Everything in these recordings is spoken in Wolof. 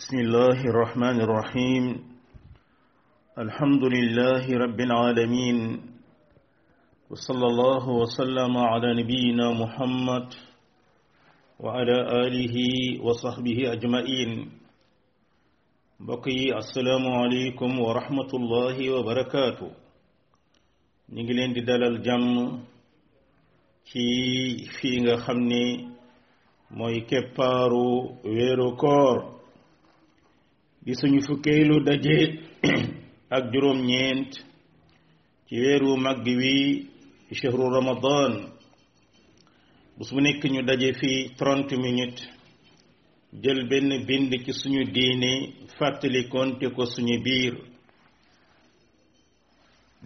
بسم الله الرحمن الرحيم الحمد لله رب العالمين وصلى الله وسلم على نبينا محمد وعلى آله وصحبه أجمعين بقي السلام عليكم ورحمة الله وبركاته نجلين دلال الجم في فينا خمني موي ويرو كور di suñu fukkeelu daje ak juróom ñeent ci weeru màgg wi chehru ramadan bés bu nekk ñu daje fii trente minutes jël benn bind ci suñu diine fàttalikonte ko suñu biir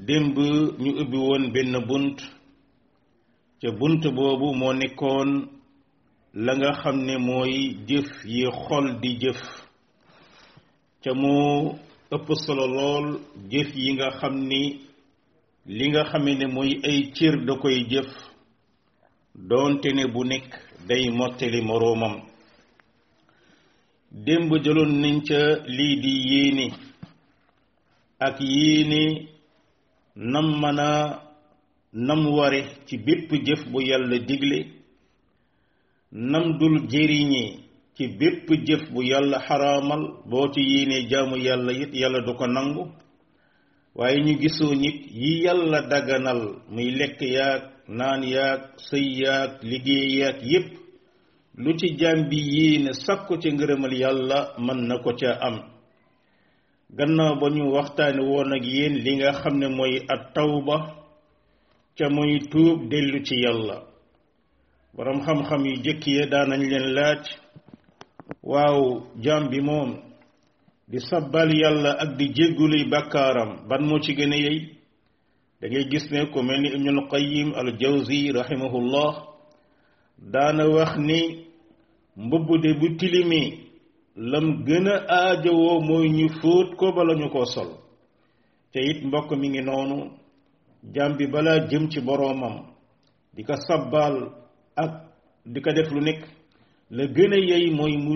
démb ñu ubbi woon benn bunt ca bunt boobu moo nekkoon la nga xam ne mooy jëf yi xol di jëf te moo ëpp solo lool jëf yi nga xam ni li nga xame ne mooy ay cër da koy jëf doonte ne bu nekk day mottali moroomam démb jëloon nañ ca lii di yéene ak yéene nam mën nam ware ci bépp jëf bu yàlla digle nam dul jëriñee ci bépp jëf bu yàlla xaraamal boo ci yéenee jàmm yàlla yit yàlla du ko nangu waaye ñu gisoo nit yi yàlla dagganal muy lekk yaag naan yaag sëy yaag liggéey yaag yépp lu ci jaam bi yéene sakku ci ngërëmal yàlla mën na ko ca am gannaaw ba ñu waxtaane woon ak yéen li nga xam ne mooy at tawba ca muy tuub dellu ci yàlla boroom xam-xam yu jëkk ya daanañ leen laaj waaw jaam bi moom di sabbal yàlla ak di jégguluy bàkkaaram ban moo ci gën a yey da gis ne ku mel ni ibnul qayim al jawzi rahimahullah daana wax ni mbubb de bu tilimi lam gën a aajowoo mooy ñu fóot ko bala ñu koo sol te it mbokk mi ngi noonu jaam bi balaa jëm ci boroomam di ko sabbaal ak di ko def lu nekk la gën a yey mooy mu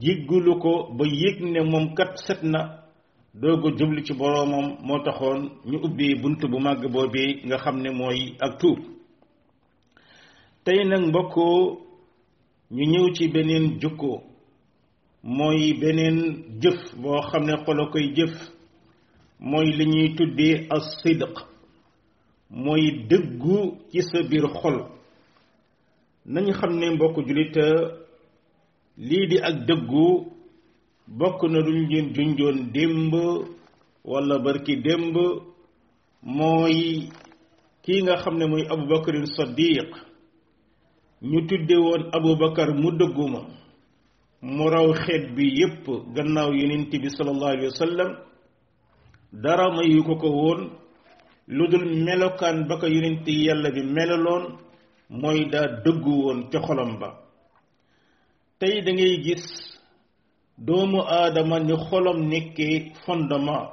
jéggalu ko ba yëg ne moom kat set na doog ko jublu ci boroomam moo taxoon ñu ubbi bunt bu màgg boobee nga xam ne mooy ak tuub tey nag mbokkoo ñu ñëw ci beneen jukkoo mooy beneen jëf boo xam ne xolo koy jëf mooy lañuy ñuy tuddee as sidq mooy dëggu ci sa biir xol nañu xam ne mbokk jullit lii di ak dëggu bokk na luñ leen junjoon démb wala barki démb mooy kii nga xam ne muy abubakarin saddiq ñu tudde woon abu abubakar mu dëgguma mu raw xeet bi yépp gannaaw yonent bi sallallahu alayhi dara mayu ko ko woon lu dul melokaan ba ko yonent yàlla bi melaloon mooy daa dëggu woon ca xolam ba tey da ngay gis doomu aadama ni xolam nekkee fondement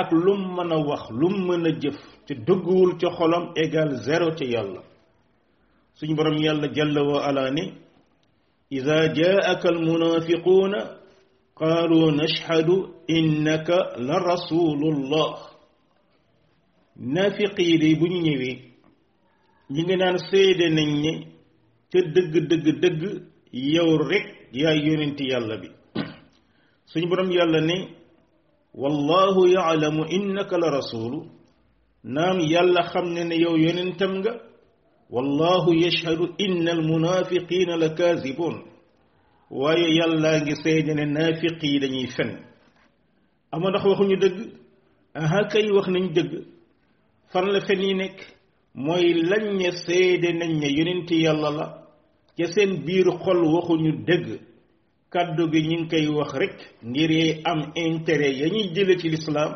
ak lum mën a wax lum mën a jëf ci dëgguwul ca xolam égal zéro ca yàlla suñ borom yàlla jalla wa ala ni ida jaaka almunafiquuna qaalu nashhadu innaka la rasulullah nafiqi de bu ñu ñëwee ñi ngi naan seede nañ ne ca dëgg dëgg dëgg yow rek yaay yonenti yàlla bi suñ borom yàlla ne wallahu yaalamu innaka la rasulu naam yàlla xam ne ne yow yonentam nga wallahu yashhadu inna almunafiqina la kaasibun waaye yàllaa ngi seede ne naafiq yi dañuy fen ama ndax waxuñu dëgg aha kay wax nañ dëgg fan la fen yi nekk mooy lañ ne seede nañ ne yonenti yàlla la ca seen biir xol waxuñu dëgg kàddu gi ñu ngi koy wax rekk ngir yi am intérêt ya ñuy jële ci lislaam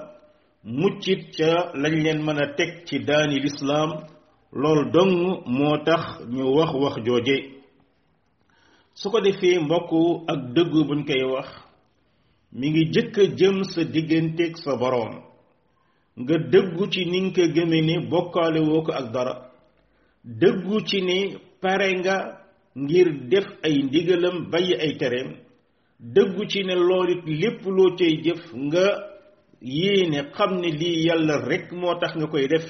muccit ca lañ leen mën a teg ci daani lislaam lool dong moo tax ñu wax wax jooje su ko defee mbokk ak dëggu buñ koy wax mi ngi jëkk jëm sa digganteeg sa boroom nga dëggu ci ni ko gëme ne bokkalewoo ko ak dara dëggu ci ne pare nga ngir def ay ndigalam bàyyi ay tereem dëggu ci ne loolu it lépp loo cay jëf nga ne xam ne lii yàlla rekk moo tax nga koy def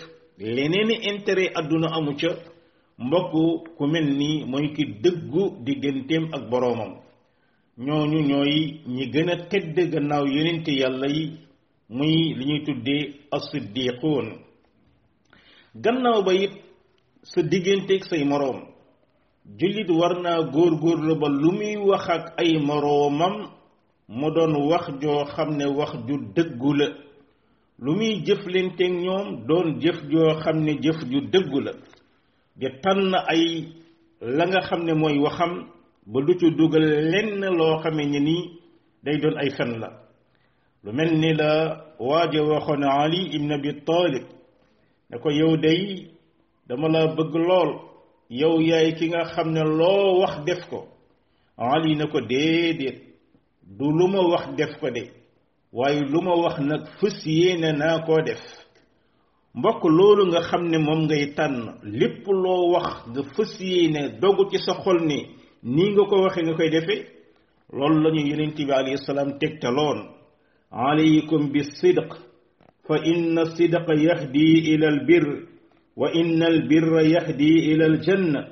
leneen i intérêt àdduna amu ca mbokk ku mel ni mooy ki dëggu digganteem ak boroomam ñooñu ñooy ñi gën a tedd gannaaw yonente yàlla yi muy li ñuy tuddee as-siddiquun gannaaw ba it sa digganteek say moroom jullit war naa góorgóorlu ba lu muy wax ak ay moroomam mu doon wax joo xam ne wax ju dëggu la lu muy jëf leen jëflanteeg ñoom doon jëf joo xam ne jëf ju dëggu la di tànn ay la nga xam ne mooy waxam ba du ci dugal lenn loo xame ni nii day doon ay fen la lu mel ni la waaje waxoon Ali ibn Abi Talib ne ko yow day dama la bëgg lool yow yaay ki nga xam ne loo wax def ko ali na ko déedéet du lu ma wax def ko de waaye lu ma wax nag fës yéene naa koo def mbokk loolu nga xam ne moom ngay tànn lépp loo wax nga fës yéene dogu ci sa xol ni nii nga ko waxe nga koy defee loolu la ñu yonent bi alayhi salaam tegtaloon alaykum bi sidq fa inna sidqa yahdi ila albir وان البر يهدي الى الجنه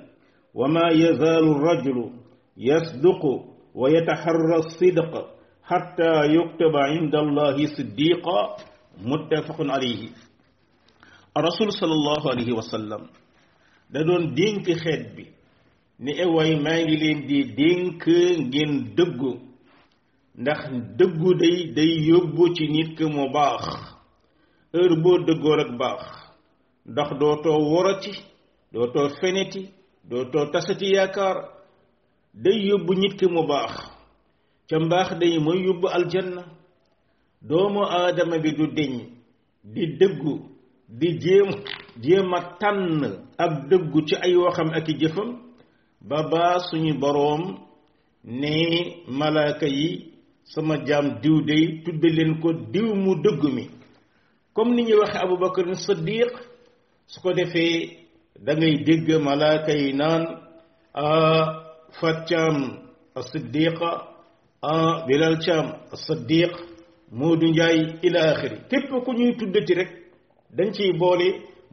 وما يزال الرجل يصدق ويتحرى الصدق حتى يكتب عند الله صديقا متفق عليه الرسول صلى الله عليه وسلم دا دون دينك خيت بي ني اي واي ماغي لين دي دينك نين دغ ندخ دغ داي داي يوبو سي نيت باخ ndax dootoo worati dootoo feneti dootoo tasati yaakaar day yóbbu nit ki mu baax ca mbaax day mooy yóbbu aljanna doomu aadama bi du deñ di dëggu di jéem jéem a tànn ak dëggu ci ay waxam ak i jëfam ba baa suñu boroom ne malaaka yi sama jaam diw day tudde leen ko diw mu dëgg mi comme ni ñuy waxe abubakar siddiq su ko defee da dégg malaaka yi naan a fat caam as-siddiqa a bilal caam as-siddiq moodu njaay ila axiri képp ku ñuy tuddati rek dañ ciy boole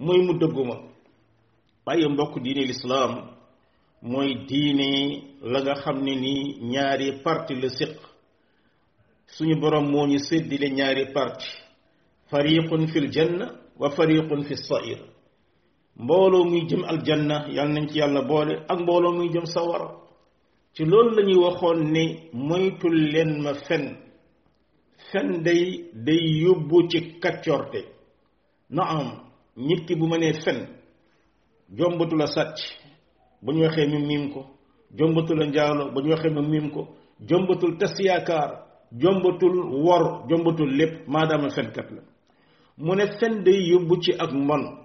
mooy mu dëgguma waaye mbokk diine lislaam mooy diine la nga xam ne ni ñaari parti la siq suñu borom moo ñu séddile ñaari parti fariqun fil janna wa fariqun fi sair mbooloo muy jëm aljanna yàlla nañ ci yàlla boole ak mbooloo muy jëm sawara ci loolu lañuy waxoon ni moytul leen ma fen fen day day yóbbu ci kaccorte na am nit bu ma nee fen jombatu la sàcc bu ñu waxee mu miim ko jombatul a njaalo bu ñu waxee mu miim ko jombatul tas yaakaar jombatul wor jombatul lépp maadaama fenkat la mu ne fen day yóbbu ci ak mbon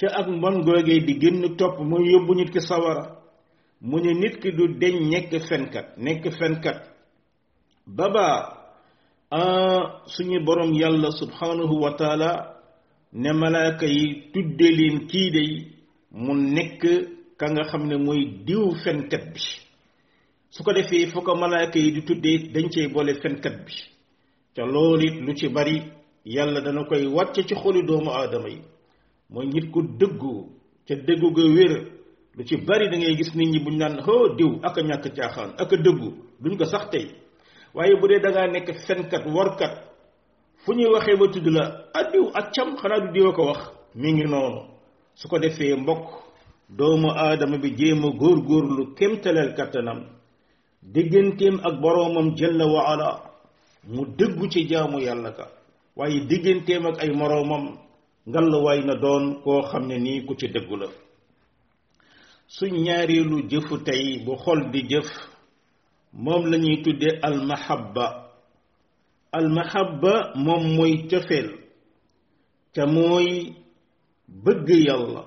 ca ak mbon googee di génn topp mu yóbbu nit ki sawara mu ne nit ki du deñ nekk fenkat nekk fenkat baba suñu borom yàlla subhanahu wa taala ne malaaka yi tudde leen kii day mu nekk ka nga xam ne mooy diw fenkat bi su ko defee foo ko malaaka yi di tuddee dañ cey boole fenkat bi te loolu it lu ci bari yàlla dana koy wàcce ci xoli doomu aadama yi mooy nit ku dëggu ca dëggu ga wér lu ci bari da ngay gis nit ñi buñ naan hoo diw ak a ñàkk caaxaan ak a dëggu duñ ko sax tey waaye bu dee da nekk fenkat workat fu ñuy waxee ba tudd la ah diw ak cam xanaa du diw a ko wax mu ngi noonu su ko defee mbokk doomu aadama bi jéem a góorgóorlu kémtaleel kattanam digganteem ak boroomam jalla wa ala mu dëggu ci jaamu yàlla ka waaye digganteem ak ay moroomam ngal waay na doon koo xam ne nii ku ci dëggu la suñ su lu jëfu tey bu xol di jëf moom lañuy tuddee almahabba almahabba moom mooy cofeel ca mooy bëgg yàlla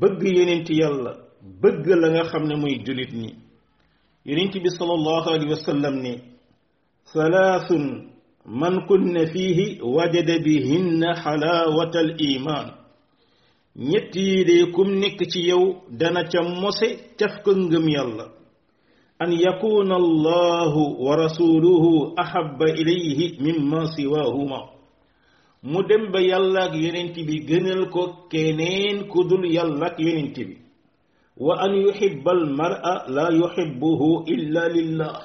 bëgg yenent yàlla bëgg la nga xam ne muy jullit ni yenent bi sallallahu alayhi wa sallam ni salaasun من كن فيه وجد بهن حلاوة الإيمان نتي ليكم نكتيو دانا تموسي تفكن يلا أن يكون الله ورسوله أحب إليه مما سواهما مدم يلا يرنتي بي جنلكو كنين كدل يلا يرنتي بي وأن يحب المرأة لا يحبه إلا لله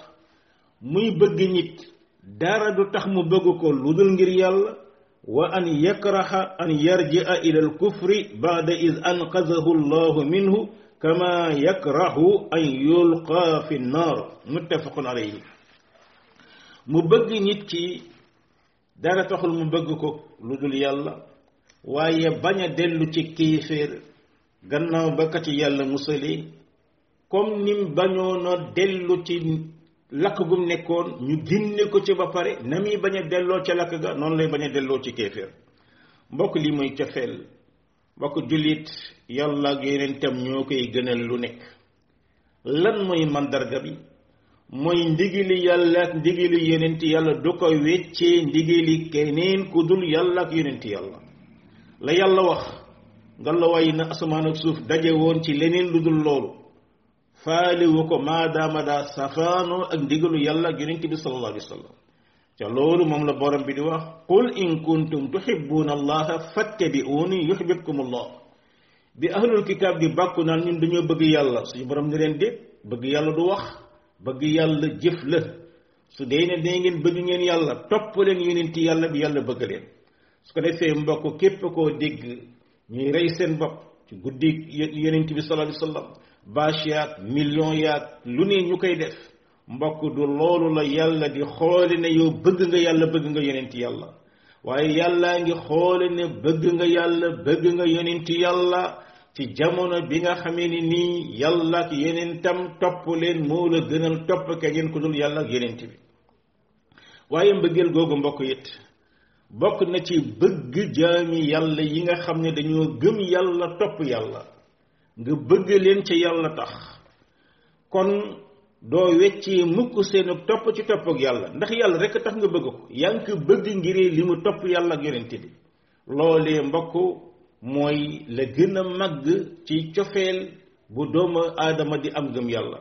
مي bëgg dara du tax mu bëgg ko ludul ngir yàlla wa an yakraha an yarji'a ila al-kufri ba'da iz anqadhahu Allah minhu kama yakrahu an yulqa fi an-nar muttafaqun alayhi mu bëgg nit ki dara taxul mu bëgg ko ludul yàlla waaye bañ a dellu ci kéeféer gannaaw ba ka ci yàlla musali comme nim bañoona dellu ci lakk gum nekkoon ñu génne ko ci ba pare na muy bañ a delloo ca lakk ga noonu lay bañ a delloo ci kéeféer mbokk li mooy cofeel mbokk jullit yàlla yeneen tam ñoo koy gënal lu nekk lan mooy mandarga bi mooy ndigali yàlla ak ndigali yeneenti yàlla du ko weccee ndigali keneen ku dul yàlla ak yeneenti yàlla la yàlla wax ngalawaay na asamaan suuf daje woon ci leneen lu dul loolu faaliwu ko maadaama daa safaanoo ak ndigalu yàlla ak yonent bi sallallahu alayhi wa sallam ca loolu moom la borom bi di wax qul in kuntum tuhibbuuna allaha fattabi'uuni yuhbibkum allah bi ahlul kitaab di bàkku naan ñun dañoo bëgg yàlla suñu borom ni leen déet bëgg yàlla du wax bëgg yàlla jëf la su dee ne da ngeen bëgg ngeen yàlla topp leen yonent yàlla bi yàlla bëgg leen su ko defee mbokk képp ko dégg ñuy rey seen bopp ci guddi yonent bi sallallahu alayhi wa sallam bâche yaag million yaag lu ne ñu koy def mbokk du loolu la yàlla di xoole ne yow bëgg nga yàlla bëgg nga yonent yàlla waaye yàllaa ngi xoole ne bëgg nga yàlla bëgg nga yonent yàlla ci jamono bi nga xamee ni nii yàlla ak yonentam topp leen moo la gënal topp keneen ku dul yàlla ak bi waaye mbëggeel googu mbokk yit bokk na ci bëgg jaami yàlla yi nga xam ne dañoo gëm yàlla topp yàlla nga bëgg leen ca yàlla tax kon doo weccee mukk seenu topp ci topp ak yàlla ndax yàlla rek tax nga bëgg ko yaa ngi ko bëgg ngir li mu topp yàlla ak yonent bi loolee mbokk mooy la gën a màgg ci cofeel bu doomu aadama di am gëm yàlla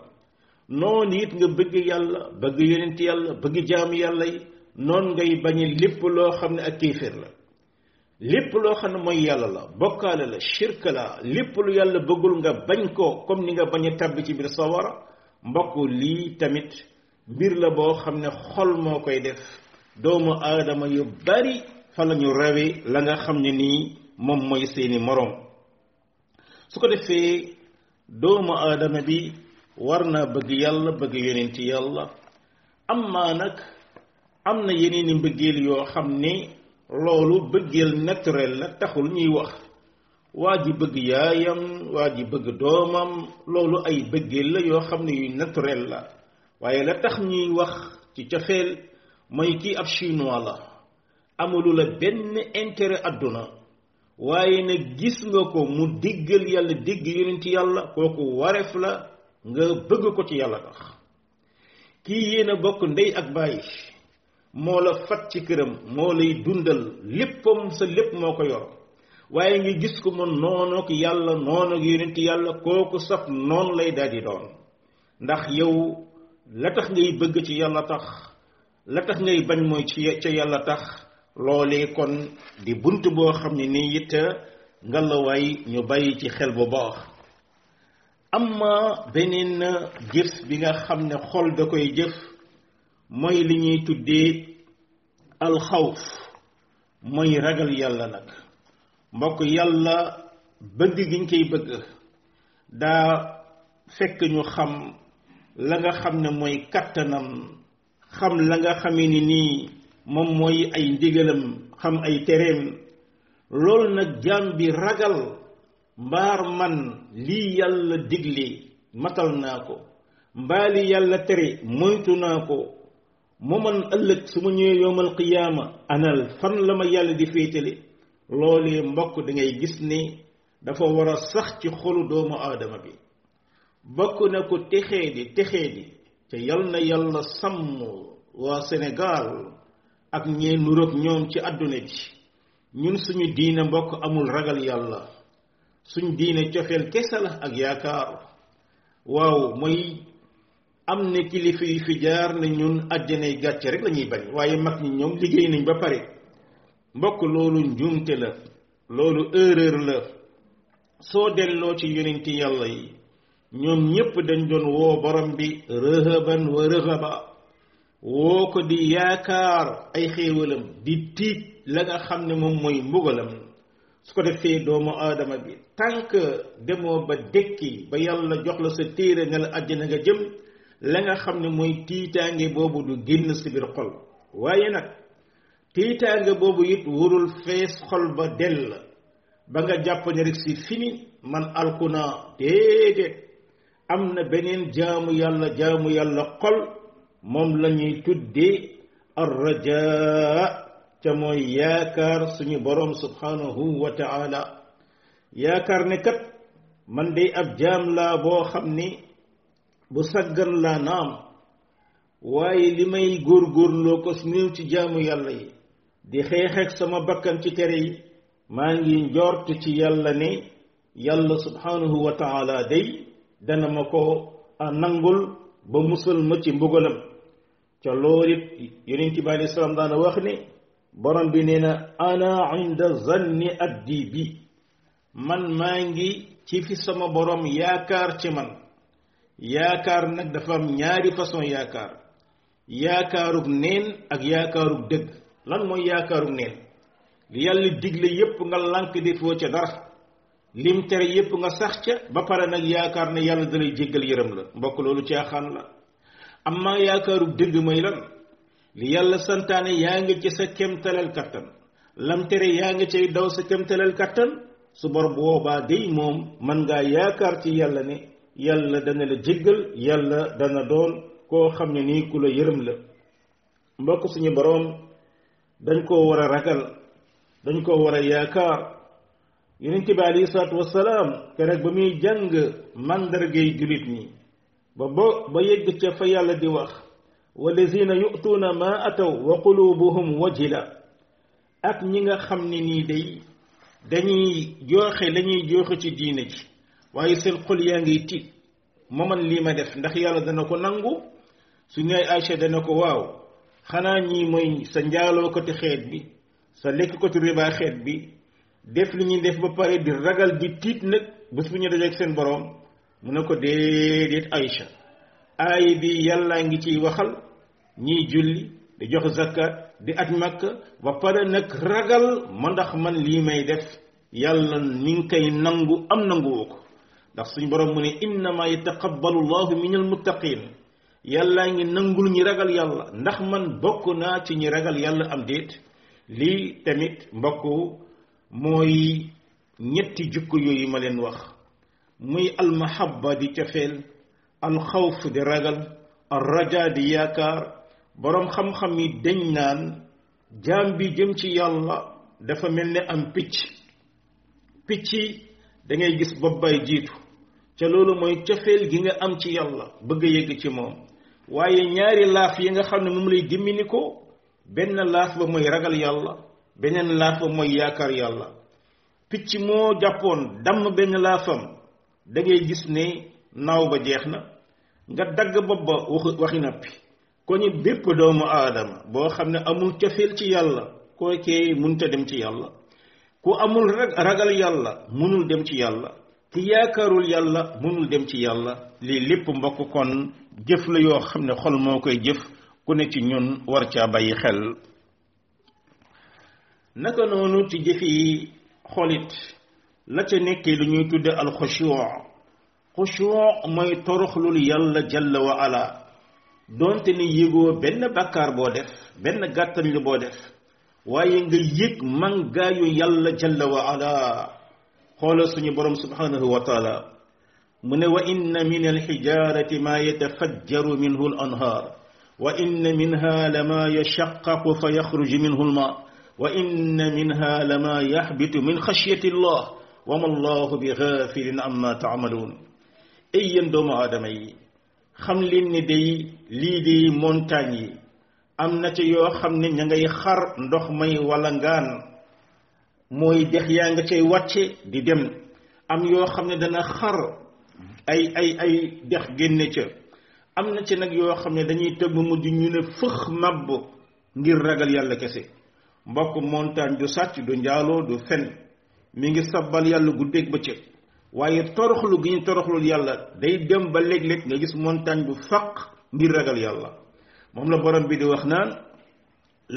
noonu it nga bëgg yàlla bëgg yonent yàlla bëgg jaam yàlla yi noonu ngay bañe lépp loo xam ne ak kéeféer la lépp loo xam ne mooy yàlla la bokkaale la shirk la lépp lu yàlla bëggul nga bañ ko comme ni nga bañ a tàbb ci biir sawara mbokk lii tamit mbir la boo xam ne xol moo koy def doomu aadama yu bari fa la ñu rawe la nga xam ne nii moom mooy seeni moroom su ko defee doomu aadama bi war naa bëgg yàlla bëgg yonent yàlla am maa nag am na yeneeni mbëggeel yoo xam ne loolu bëggeel naturel la taxul ñuy wax waa ji bëgg yaayam waa ji bëgg doomam loolu ay bëggeel la yoo xam ne yu naturel la waaye la tax ñuy wax ci cofeel mooy kii ab chinois la amulu la benn intérêt àdduna waaye ne gis nga ko mu diggal yàlla digg ci yàlla kooku wareef la nga bëgg ko ci yàlla tax kii yéen a bokk ndey ak bàyyi moo la fat ci këram moo lay dundal léppam sa lépp moo ko yor waaye ngi gis ko mu noonu yàlla noonu ak yonent yàlla kooku saf noonu lay daldi doon ndax yow la tax ngay bëgg ci yàlla tax la tax ngay bañ mooy ci yàlla tax loolee kon di bunt boo xam ne nii it ngalawaay ñu bàyyi ci xel bu baax am ma beneen girs bi nga xam ne xol da koy jëf mooy li ñuy tuddee alxawf mooy ragal yàlla nag mbokk yàlla bëgg giñ koy bëgg daa fekk ñu xam la nga xam ne mooy kàttanam xam la nga xamee ni nii moom mooy ay ndigalam xam ay tereem loolu nag jaam bi ragal mbaar man lii yàlla digle matal naa ko mbaa yàlla tere moytu naa ko moman man ëllëg su ma ñëwee yowmal qiyaama anal fan la ma yàlla di féetale loolee mbokk da ngay gis ni dafa war a sax ci xolu doomu aadama bi bokk na ko texee di texee di te yal na yàlla sàmm waa sénégal ak ñee nuroog ñoom ci àdduna ji ñun suñu diine mbokk amul ragal yàlla suñ diine cofeel kese la ak yaakaar waaw mooy am ne kilifa yi fi jaar ne ñun àjjanay gàcce rek la ñuy bañ waaye mag ñi ñoom liggéey nañ ba pare mbokk loolu njuumte la loolu erreur la soo delloo ci yonent yàlla yi ñoom ñépp dañ doon woo borom bi rëhaban wa rëhaba woo ko di yaakaar ay xéewalam di tiit la nga xam ne moom mooy mbugalam su ko defee doomu aadama bi tànk demoo ba dekki ba yàlla jox la sa téere ne la àjjana nga jëm la nga xam ne mooy tiitaange boobu du génn si biir xol waaye nag tiitaange boobu it warul fees xol ba dell ba nga jàpp ne rek si fini man alku naa déedéet am na beneen jaamu yàlla jaamu yàlla xol moom la ñuy tuddee arraja ca mooy yaakaar suñu borom subhanahu wa taala yaakaar ne kat man day ab jaam laa boo xam ni bu saggan laa naam waaye li may góorgóorloo ko néew ci jaamu yàlla yi di xeexeeg sama bakkan ci tere yi maa ngi njort ci yàlla ne yàlla subhanahu wa taala day dana ma ko nangul ba musal ma ci mbugalam ca loolu yonent bi alei salaam daana wax ne borom bi nee na ana inda zanni addi bi man maa ngi ci fi sama borom yaakaar ci man yaakaar nag dafa am ñaari façon yaakaar yaakaarug neen ak yaakaarug dëgg lan mooy yaakaarug neen li yàlla digle yépp nga lànk defoo ca dara lim tere yépp nga sax ca ba pare nag yaakaar ne yàlla dalay jéggal yërëm la mbokk loolu caaxaan la amma yaakaarug dëgg mooy lan li yàlla santaane yaa ngi ci sa kemtalal kattan lam tere yaa ngi cay daw sa kemtalal kattan su bor boobaa day moom mën ngaa yaakaar ci yàlla ne yàlla dana la jéggal yàlla dana doon koo xam ne nii ku la yërëm la mbokk suñu boroom dañ koo war a ragal dañ koo war a yaakaar yonent bi alayhi salaatu wasalaam keroog ba muy jàng màndargay julit ñi ba bo ba yegg ca fa yàlla di wax walazina yu'tuuna ma ataw wa qulubuhum wajila ak ñi nga xam ne nii day dañuy jooxe lañuy jooxe ci diine ji waaye seen xol yaa ngi tiit ma man lii ma def ndax yàlla dana ko nangu su ñaay Aysa dana ko waaw xanaa ñii mooy sa njaaloo ko ci xeet bi sa lekk ko ci riba xeet bi def li ñuy def ba pare di ragal di tiit nag bés su ñu dajeek seen boroom mu ne ko déedéet Aysa aay bi yàllaa ngi ciy waxal ñiy julli di jox zakkat di at màkk ba pare nag ragal ma ndax man lii may def yàlla ni ngi koy nangu am nanguwoo ko ndax suñ borom mu ne innama yataqabbalu llahu min almuttaqin yàlla ngi nangul ñi ragal yàlla ndax man bokk naa ci ñi ragal yàlla am déet lii tamit mbokk mooy ñetti jukko yooyu ma leen wax muy almahabba di cafeel alxawf di ragal alraja di yaakaar borom xam-xam yi dañ naan jaam bi jëm ci yàlla dafa mel ne am picc picc da ngay gis bopp jitu jiitu ca loolu mooy cofeel gi nga am ci yàlla bëgg yegg ci moom waaye ñaari laaf yi nga xam ne lay dimmini ko benn laaf ba mooy ragal yàlla beneen laaf ba mooy yaakaar yàlla picc moo jàppoon damm benn laafam da ngay gis ne naaw ba jeex nga dagg bopp ba waxi nappi ko ñu bépp doomu aadama boo xam ne amul cofeel ci yàlla kookee munta dem ci ku amul ragal yàlla mënul dem ci yàlla ki yaakaarul yàlla mënul dem ci yàlla lii lépp mbokk kon jëf la yoo xam ne xol moo koy jëf ku ne ci ñun war caa bàyyi xel naka noonu ci jëf yi xolit la ca nekkee lu ñuy tudde alxushuu xushuu mooy toroxlul yàlla jalla wa ala doonte ni yëgoo benn bàkkaar boo def benn gàttal li boo def waye nga yek man ga yu yàlla jalla wa ala khola suñu borom subhanahu wa taala mune wa inna min al hijarati ma yatafajjaru minhu al anhar wa inna minha lama yashaqqu fa yakhruju minhu al ma wa inna minha lama yahbitu min khashyati allah wa ma allah bi gaafilin amma ta'malun ayyan yéen doomu aadama xam li ni day li di montagne am na ci yoo xam ne ña ngay xar ndox may wala ngaan mooy dex yaa nga cay wàcce di dem am yoo xam ne dana xar ay ay ay dex génne ca am na ci nag yoo xam ne dañuy tëb mujj ñu ne fëx màbb ngir ragal yàlla kese mbokk montagne du sàcc du njaaloo du fen mi ngi sabbal yàlla guddeeg bëccëg waaye toroxlu gi ñu toroxlul yàlla day dem ba léeg-léeg nga gis montagne bu faq ngir ragal yàlla موم لا بروم بي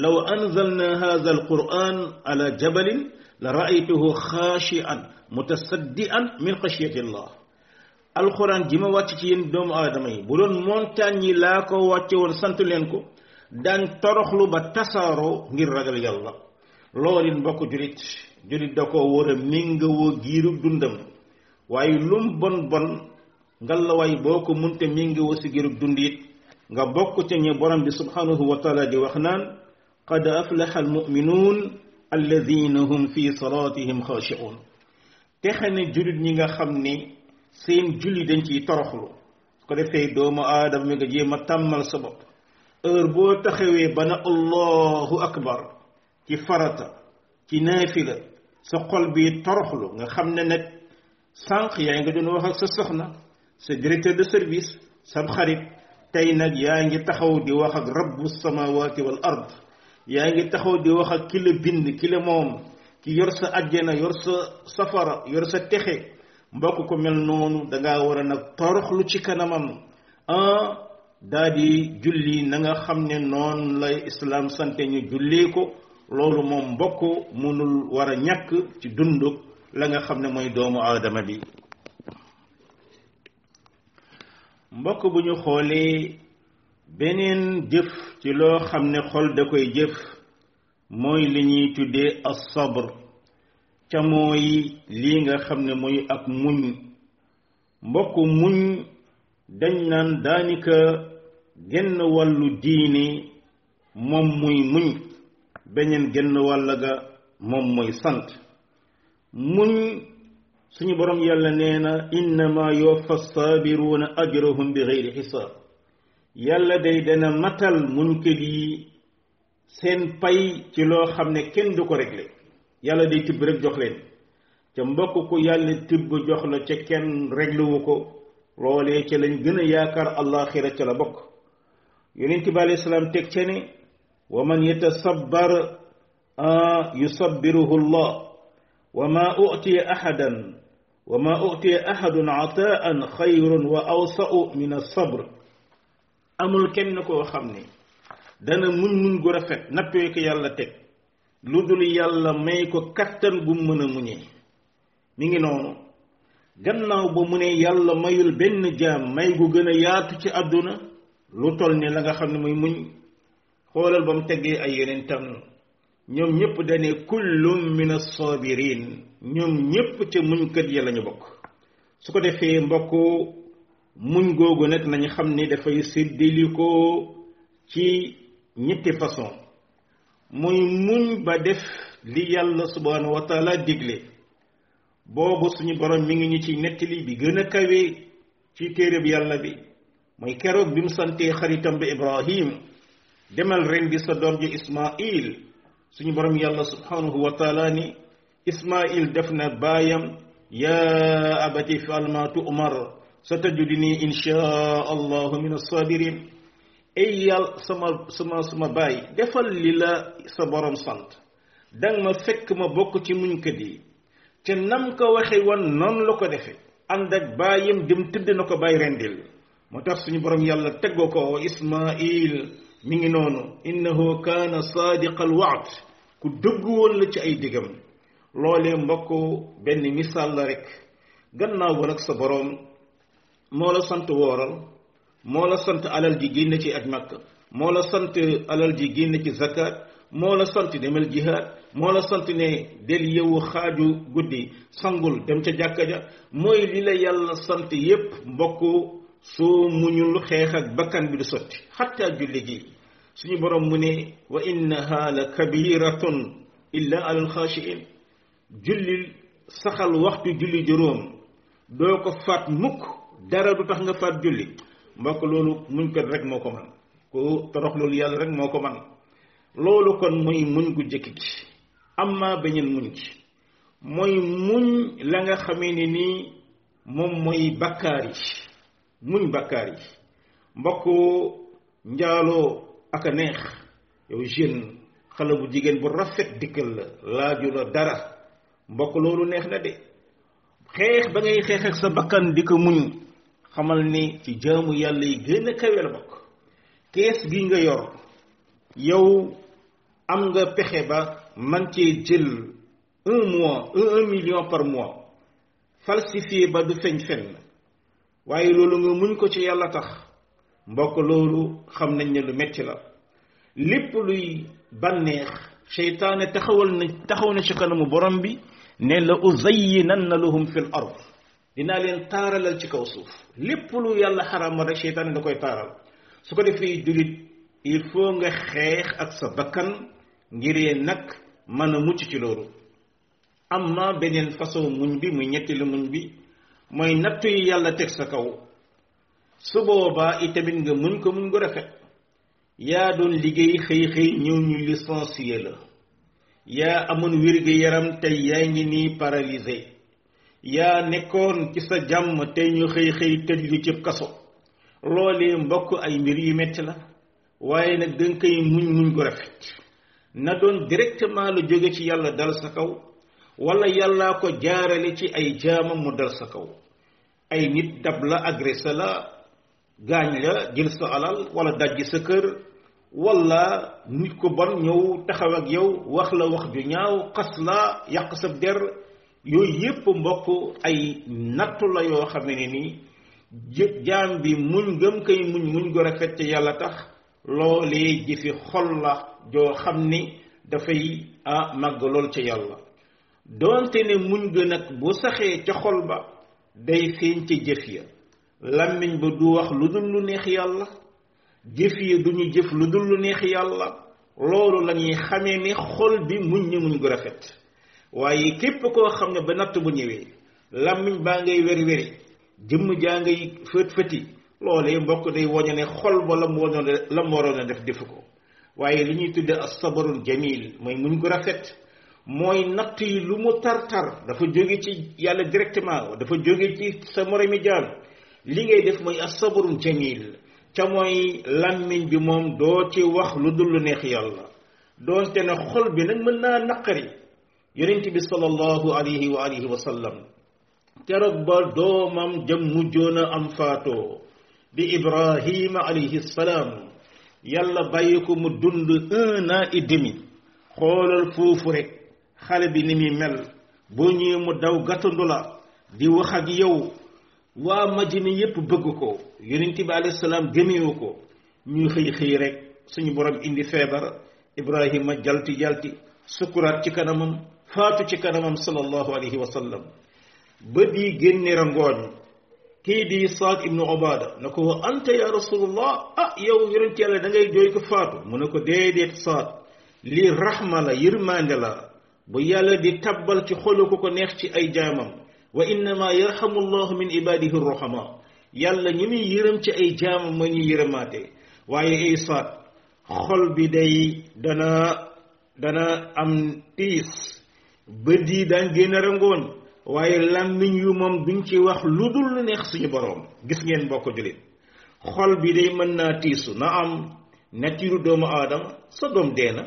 لو انزلنا هذا القران على جبل لرايته خاشعا متصدعا من خشيه الله القران جيما واتي دوم ادمي بلون مونتاني لا كو واتي لينكو دان ترخلو با نير غير رجل يالله لولين بوكو جريت جريت داكو وورا مينغا و غيرو دوندم لوم بون بون غالا واي بوكو مونتا مينغو و سي غيرو nga bokk ca ñe borom bi subhanahu wa taala di wax naan qad aflaha almuminuun alladina hum fi salatihim xaashiun texe ne julit ñi nga xam ni seen julli dañ ciy toroxlu su ko defee doomu aadama mi nga jéem a tàmmal sa bopp heure boo taxawee bana allahu akbar ci farata ci naafila sa xol bi toroxlu nga xam ne nag sànq yaa nga doon wax ak sa soxna sa directeur de service sab xarit tey nag yaa ngi taxaw di wax ak rabbu samawati wal ard yaa ngi taxaw di wax ak ki bind ki moom ki yor sa àjjana yor sa safara yor sa texe mbokk ko mel noonu danga war a nag toroxlu ci kanamam ah daa di julli na xam ne noonu lay islaam sante ñu jullee ko loolu moom mbokk mënul war a ñàkk ci dund la nga xam ne mooy doomu aadama bi mbokk bu ñu xoolee beneen jëf ci loo xam ne xol da koy jëf mooy li ñuy tuddee as-sabr ca mooy li nga xam ne mooy ak muñ mbokk muñ dañ naan daanika genn wàllu diine moom muy muñ beneen genn wàll ga moom mooy sant muñ suñu borom yàlla nee na innama yuwaffa saabiruuna ajrahum bi xisaab yàlla day dana matal muñkat yi seen pay ci loo xam ne kenn du ko réglé yàlla day tibb rek jox leen ca mbokk ku yàlla tibb jox la ca kenn réglewu ko loolee ca lañ gën a yaakaar allaxira ca la bokk yonent bi alayhi salaam teg ca ne wa man yatasabbar yusabbiruhu allah wa ma utiya ahadan wa ma utiya ahadun ataan xayrun wa awsa'u min as-sabr amul kenn koo xam ni dana muñ muñ gu rafet nappee ko yàlla teg lu dul yàlla may ko kattan gu mën a muñee mi ngi noonu gannaaw ba mu ne yàlla mayul benn jaam may gu gën a yaatu ci àdduna lu toll ni la nga xam ne muy muñ xoolal ba mu teggee ay yeneen tam ñoom ñëpp dane kullum min as-sabirin ñoom ñëpp ca kër ya lañu bokk su ko defee mbokk muñ googu nag nañu xam ni dafay séddilikoo ci ñetti façon muy muñ ba def li yàlla subhanahu wa taala digle boobu suñu borom mi ngi ñu ci nettali bi gën a kawe ci téereb yàlla bi mooy keroog bi mu santee xaritam bi Ibrahim demal rendi sa doom ji Ismail suñu borom yàlla subhanahu wa taala ni ismail def na baayam ya abati fal ma tu'mar satajudini insha allah min as-sabirin ay yal sama sama sama baay defal li la sa borom sant dang ma fekk ma bokk ci muñ kat yi te nam ko waxe won non la ko defe and ak bayam dem tedd na ko bay rendil motax suñu borom yalla teggo ko ismail mu ngi noonu innahu kaana saadiqal waat ku dëgg woon la ci ay digam loolee mbokk benn misaal la rek gannaaw ba nag sa boroom moo la sant wooral moo la sant alal ji génn ci aj makka moo la sant alal ji génn ci zakat moo la sant demal jihaad moo la sant ne del yewu xaaju guddi sangul dem ca jàkka ja mooy li la yàlla sant yépp mbokk soo muñul xeex ak bakkan bi du sotti xatta julli gi suñu borom mu ne wa innaha la kabiratun illa alal xaashiin julli saxal waxtu julli juróom doo ko faat mukk dara du tax nga faat julli mbokk loolu muñ ko rek moo ko man ko torox yàlla rek moo ko man loolu kon mooy muñ gu jëkk gi amma beneen muñ ci mooy muñ la nga xamee ni nii moom mooy bakkaar yi muñ bakkaar yi mbokk njaaloo ak a neex yow jeune xale bu jigéen bu rafet dikkal la laaju la dara mbokk loolu neex na de xeex ba ngay xeex ak sa bakkan di ko muñ xamal ni ci jaamu yàlla yi génn a la bokk kees gi nga yor yow am nga pexe ba man cee jël un mois un million par mois falsifié ba du feeñ fenn waaye loolu nga muñ ko ci yàlla tax mbokk loolu xam nañ ne lu metti la lépp luy bànneex seytaane taxawal nañ taxaw na ci kanamu borom bi ne la uzayyinanna lahum fil ard dinaa leen taaralal ci kaw suuf lépp lu yàlla xaraamal rek seytaane da koy taaral su ko defee jullit il faut nga xeex ak sa bakkan ngiree nag mën a mucc ci loolu amma beneen façon muñ bi muy ñetteelu muñ bi mooy nattu yi yàlla teg sa kaw su boobaa itamit nga mën ko mën ko rafet yaa doon liggéey xëy xëy ñëw ñu licencié la yaa amoon wérgi yaram tey yaa ngi nii paralysé yaa nekkoon ci sa jàmm tey ñu xëy xëy tëj lu ci kaso loolee mbokk ay mbir yu metti la waaye nag danga koy muñ muñ ko rafet na doon directement la jóge ci yàlla dal sa kaw wala yàllaa ko jaarale ci ay jaamam mu dal sa kaw ay nit dab la agressé la gaañ la jël sa alal wala dajji sa kër wala nit ko bon ñëw taxaw ak yow wax la wax ju ñaaw xas la yàq sab der yooyu yépp mbokk ay nattu la yoo xam ne ni jaam bi muñ gëm kay muñ muñ gu rafet ci yàlla tax loolee jëfi xol la joo xam ni dafay a ah, màgg lool ca yàlla doonte ne muñ gën nag bu saxee ca xol ba day feeñ ca jëf ya làmmiñ ba du wax lu dul lu neex yàlla jëf yi duñu jëf lu dul lu neex yàlla loolu lañuy xamee ni xol bi muñ ñu muñ gu rafet waaye képp koo xam ne ba natt bu ñëwee làmmiñ baa ngay wér wéri jëmm jaa ngay fët fëti loolee mbokk day woño ne xol ba lam waroon a def defu ko waaye li ñuy tudde as sabarul jamil mooy muñ gu rafet mooy natt yi lu mu tar tar dafa jóge ci yàlla directement dafa jóge ci sa moromi jaam li ngay def moy as sabrun jamil ca moy lamine bi mom do ci wax lu dul lu neex yàlla doonte na xol bi nak mën naa naqari yonent bi sallallahu alayhi wa alihi wa sallam keroog ba doomam jëm mujjoon a am faato bi ibrahim alayhi salam yàlla bayiko mu dund un an et demi xolal fofu rek xale bi ni mi mel bo ñew mu daw gàttandu di wax ak yow wa majina yep bëgg ko yonente bi alayhi salam gëmeewu ko ñu xëy xëy rek suñu borom indi febar ibrahima jalti jalti sukurat ci kanamam faatu ci kanamam sallallahu alayhi wa sallam ba di génne rangooñ kii di saad ibnu ubada na ko anta ya rasulullah ah yow yonente yàlla da ngay jooy ko faatu mu ne ko déedéet saad lii rahma la yërmande la bu yàlla di tabbal ci xolu ko ko neex ci ay jaamam wa innama yarhamu llahu min ibadihi rohama yàlla ñi muy ci ay jaamam ma ñuy waaye isaat xol day dana am tiis bët yi daan génn waaye làmmiñ yu moom duñ ci wax lu dul neex suñu boroom gis ngeen mbokk jullit xol bi day mën naa tiisu na am natiiru doomu aadama sa doom dee na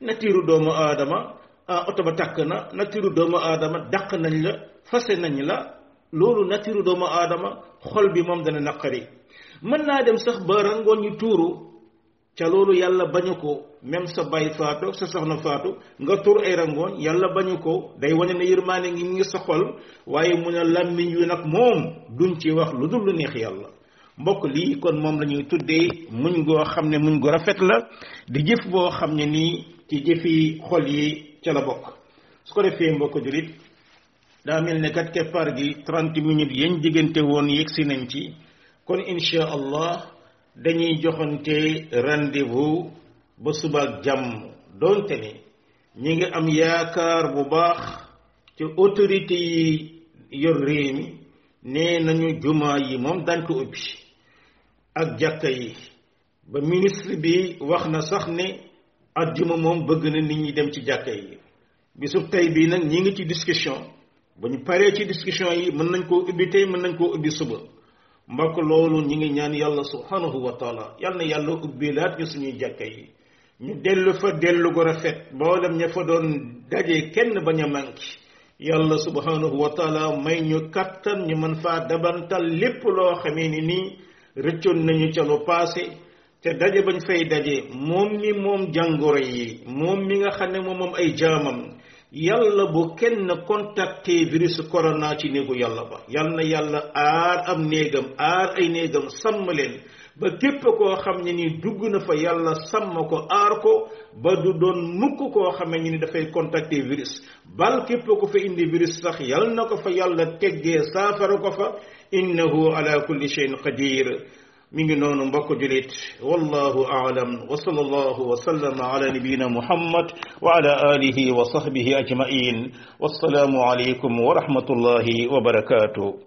natiiru doomu aadama ah, oto ba takk na natiiru doomu aadama dàq nañ la fase nañ la loolu natiru doomu aadama xol bi moom dana naqari mën naa dem sax ba rangoon ñu tuuru ca loolu yàlla bañu ko même sa baay faatu sa soxna faatu nga tuur ay rangoon yàlla bañu ko day wane na yërmaane ngi mu ngi sa xol waaye mu ne làmmiñ wi nag moom duñ ci wax lu dul lu neex yàlla mbokk lii kon moom la ñuy tuddee muñ goo xam ne muñ gu rafet la di jëf boo xam ne nii ci jëfi xol yi ca la bokk su ko defee mbokk julit daa mel ne kat keppaar gi 30 minutes yañ diggante woon yegsi nañ ci kon incha allah dañuy joxante rendez-vous ba subaak jàmm doonte ni ñi ngi am yaakaar bu baax ci autorité yi yor réew mi nee nañu jumaa yi moom dañ ko ubbi ak jàkka yi ba ministre bi wax na sax ne ajjuma moom bëgg na nit ñi dem ci jàkka yi bisub tey bii nag ñi ngi ci discussion ba ñu paree ci discussion yi mën nañ koo ubbi tey mën nañ koo ubbi suba mbokk loolu ñi ngi ñaan yàlla subhanahu wa taala yal na yàlla ubbilaat ñu suñuy jàkka yi ñu dellu fa dellu gu rafet boo dem ña fa doon daje kenn bañ a manqué yàlla subhanahu wa taala may ñu kattan ñu mën faa dabantal lépp loo xamee ni nii rëccoon nañu ca lu paase te daje bañ fay daje moom mi moom jàngoro yi moom mi nga xam ne moom moom ay jaamam yàlla bu kenn contacté virus corona ci néegu yàlla ba yal na yàlla aar am néegam aar ay néegam sàmm leen ba képp koo xam ne ni dugg na fa yàlla sàmm ko aar ko ba du doon mukk koo xamee ni dafay contacté virus bal képp ko fa indi virus sax yal na ko fa yàlla teggee saafara ko fa innahu ala kulli shay'in qadir ميغي نونو مبوكو جليت والله اعلم وصلى الله وسلم على نبينا محمد وعلى اله وصحبه اجمعين والسلام عليكم ورحمه الله وبركاته